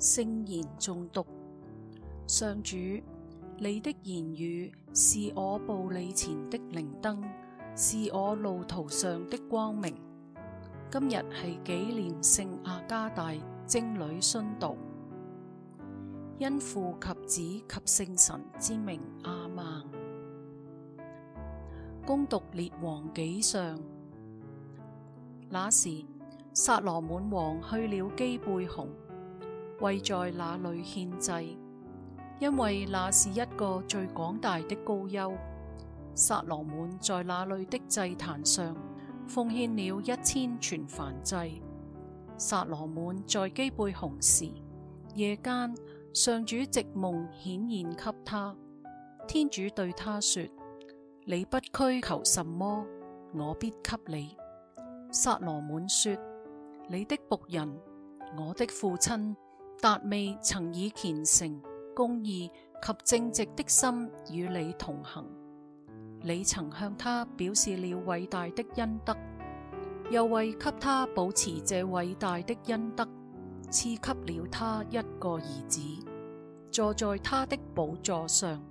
聖言中毒。上主，你的言語是我步你前的靈燈，是我路途上的光明。今日係紀念聖亞加大精女殉道。因父及子及聖神之名阿曼。攻讀列王紀上，那時撒羅門王去了基貝熊。為在那裏獻祭，因為那是一個最廣大的高丘。撒羅滿在那裏的祭壇上奉獻了一千全燔祭。撒羅滿在基貝紅時，夜間上主藉夢顯現給他，天主對他說：你不拘求什麼，我必給你。撒羅滿說：你的僕人，我的父親。達味曾以虔誠、公義及正直的心與你同行，你曾向他表示了偉大的恩德，又為給他保持這偉大的恩德，賜給了他一個兒子，坐在他的寶座上，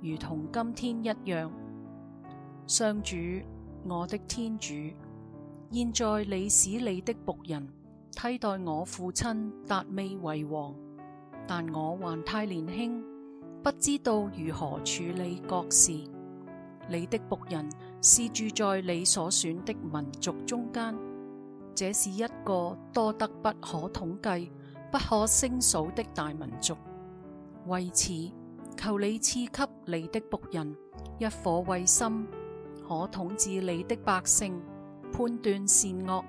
如同今天一樣。上主，我的天主，現在你使你的僕人。替代我父親達味為王，但我還太年輕，不知道如何處理國事。你的僕人是住在你所選的民族中間，這是一個多得不可統計、不可勝數的大民族。為此，求你賜給你的僕人一顆慧心，可統治你的百姓，判斷善惡，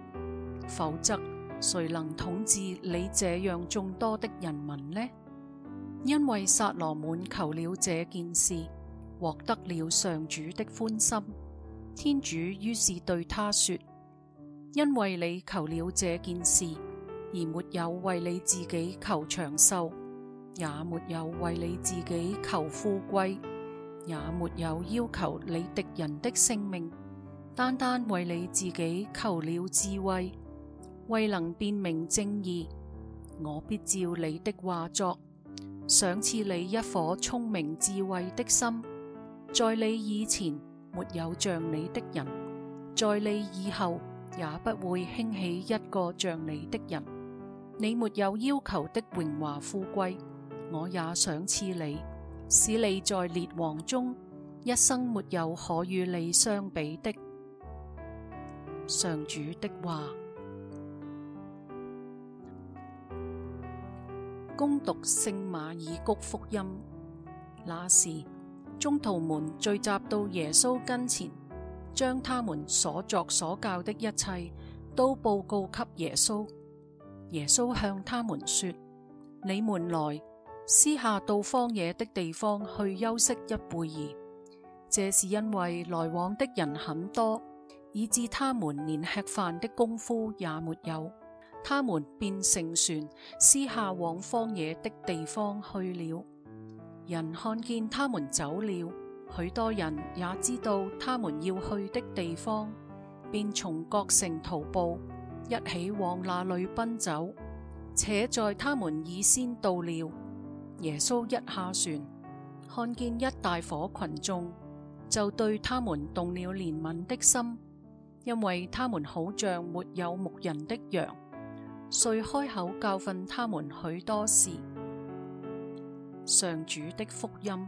否則。誰能統治你這樣眾多的人民呢？因為撒羅滿求了這件事，獲得了上主的歡心。天主於是對他說：因為你求了這件事，而沒有為你自己求長壽，也沒有為你自己求富貴，也沒有要求你敵人的性命，單單為你自己求了智慧。為能辨明正義，我必照你的話作，賞賜你一顆聰明智慧的心。在你以前沒有像你的人，在你以後也不會興起一個像你的人。你沒有要求的榮華富貴，我也賞賜你，使你在列王中一生沒有可與你相比的。上主的話。恭讀聖馬爾谷福音，那時，宗徒們聚集到耶穌跟前，將他們所作所教的一切都報告給耶穌。耶穌向他們說：你們來，私下到荒野的地方去休息一會兒，這是因為來往的人很多，以致他們連吃飯的功夫也沒有。他們便乘船私下往荒野的地方去了。人看見他們走了，許多人也知道他們要去的地方，便從各城徒步一起往那裏奔走。且在他們以先到了，耶穌一下船，看見一大夥群眾，就對他們動了憐憫的心，因為他們好像沒有牧人的羊。遂開口教訓他們許多事。上主的福音。